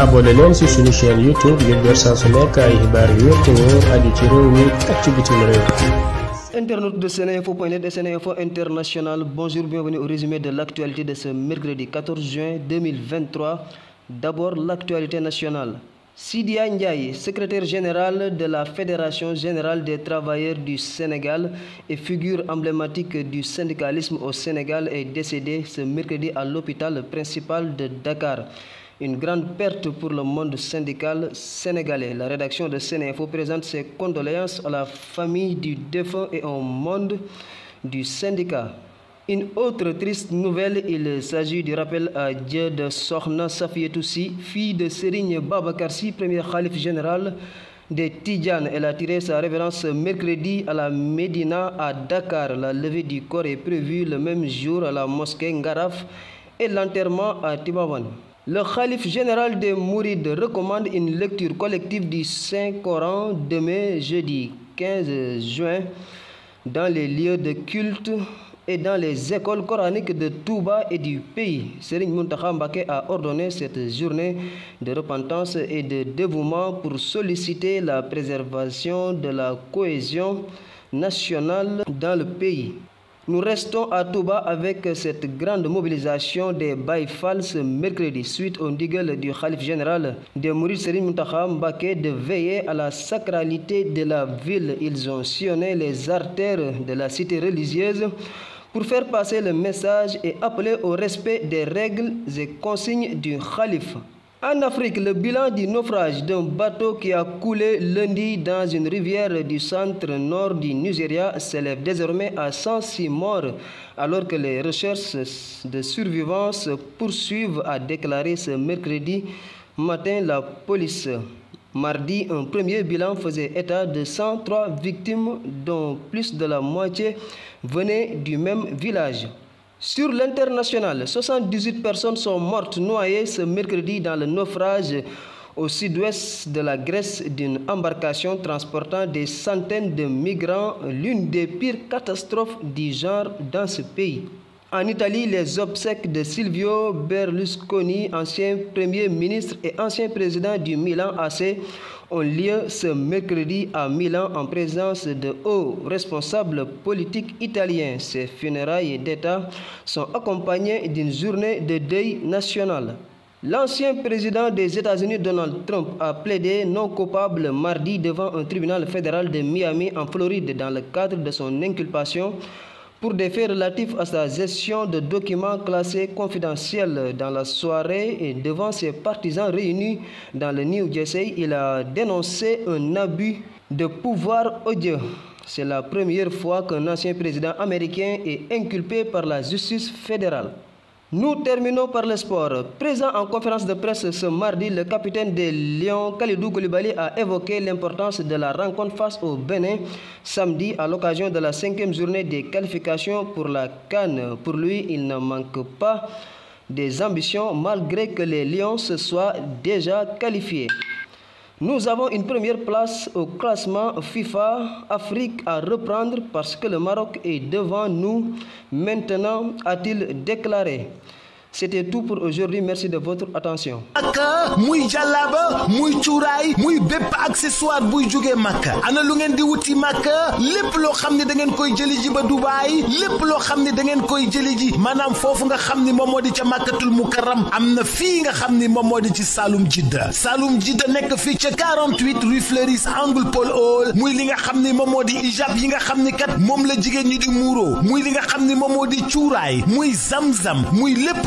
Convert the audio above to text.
abonné leen ci suñu chaîne YouTube ngir jot saa su nekk de Seneinfo.net et Seneinfo International, bonjour, bienvenue au résumé de l'actualité de ce mercredi 14 juin général de la Fédération générale des travailleurs du Sénégal et figure emblématique du syndicalisme à l'hôpital principal de Dakar. une grande perte pour le monde syndical sénégalais. La rédaction de Sénéfo présente ses condoléances à la famille du défunt et au monde du syndicat. Une autre triste nouvelle, il s'agit du rappel à Dieu de Sokhna Safietoussi, fille de Serigne Babakarsi, premier calife général des Tidjane. Elle a tiré sa révérence mercredi à la Médina à Dakar. La levée du corps est prévue le même jour à la mosquée Ngaraf et l'enterrement à Tibawan. Le calife général des Mourides recommande une lecture collective du Saint-Coran demain jeudi 15 juin dans les lieux de culte et dans les écoles coraniques de Touba et du pays. Serigne Mountakha Mbacké a ordonné cette journée de repentance et de dévouement pour solliciter la préservation de la cohésion nationale dans le pays. Nous restons à Touba avec cette grande mobilisation des Baïfals ce mercredi suite au ndigal du Khalif général de Mourides Serigne Mountakha Mbacké de veiller à la sacralité de la ville. Ils ont sillonné les artères de la cité religieuse pour faire passer le message et appeler au respect des règles et consignes du Khalif. En Afrique, le bilan du naufrage d'un bateau qui a coulé lundi dans une rivière du centre-nord du Nigeria s'élève désormais à 106 morts, alors que les recherches de survivants se poursuivent, à déclaré ce mercredi matin la police. Mardi, un premier bilan faisait état de 103 victimes, dont plus de la moitié venaient du même village. Sur l'international, 78 personnes sont mortes noyées ce mercredi dans le naufrage au sud-ouest de la Grèce d'une embarcation transportant des centaines de migrants, l'une des pires catastrophes du genre dans ce pays. En Italie, les obsèques de Silvio Berlusconi, ancien Premier ministre et ancien président du Milan AC, ont lieu ce mercredi à Milan en présence de hauts responsables politiques italiens. Ces funérailles d'État sont accompagnées d'une journée de deuil national. L'ancien président des États-Unis Donald Trump a plaidé non coupable mardi devant un tribunal fédéral de Miami en Floride dans le cadre de son inculpation pour des faits relatifs à sa gestion de documents classés confidentiels dans la soirée et devant ses partisans réunis dans le New Jersey, il a dénoncé un abus de pouvoir odieux. C'est la première fois qu'un ancien président américain est inculpé par la justice fédérale. Nous terminons par le sport. Présent en conférence de presse ce mardi, le capitaine des Lions, Khalidou Koulibaly, a évoqué l'importance de la rencontre face au Bénin samedi à l'occasion de la cinquième journée des qualifications pour la Cannes. Pour lui, il ne manque pas des ambitions malgré que les Lions se soient déjà qualifiés. Nous avons une première place au classement FIFA Afrique à reprendre parce que le Maroc est devant nous maintenant, a-t-il déclaré. C'était tout pour aujourd'hui. Merci de votre attention. Makka muy jàllaaba muy cuuraay muy bépp accessoire buy jógee Makka ana lu ngeen di wuti Makka lépp loo xam ne da ngeen koy jëli ji ba Dubaay lépp loo xam ne da ngeen koy jëli ji maanaam foofu nga xam ni moom moo di ca Makkatul Mukarram am na fii nga xam ni moom moo di ci Saloum Jidda Saloum Jidda nekk fii ca 48 rue Fleuris angle Paul Hall muy li nga xam ni moom moo di ijab yi nga xam ni kat moom la jigéen ñi di muuro muy li nga xam ni moom moo di cuuraay muy zamzam muy lépp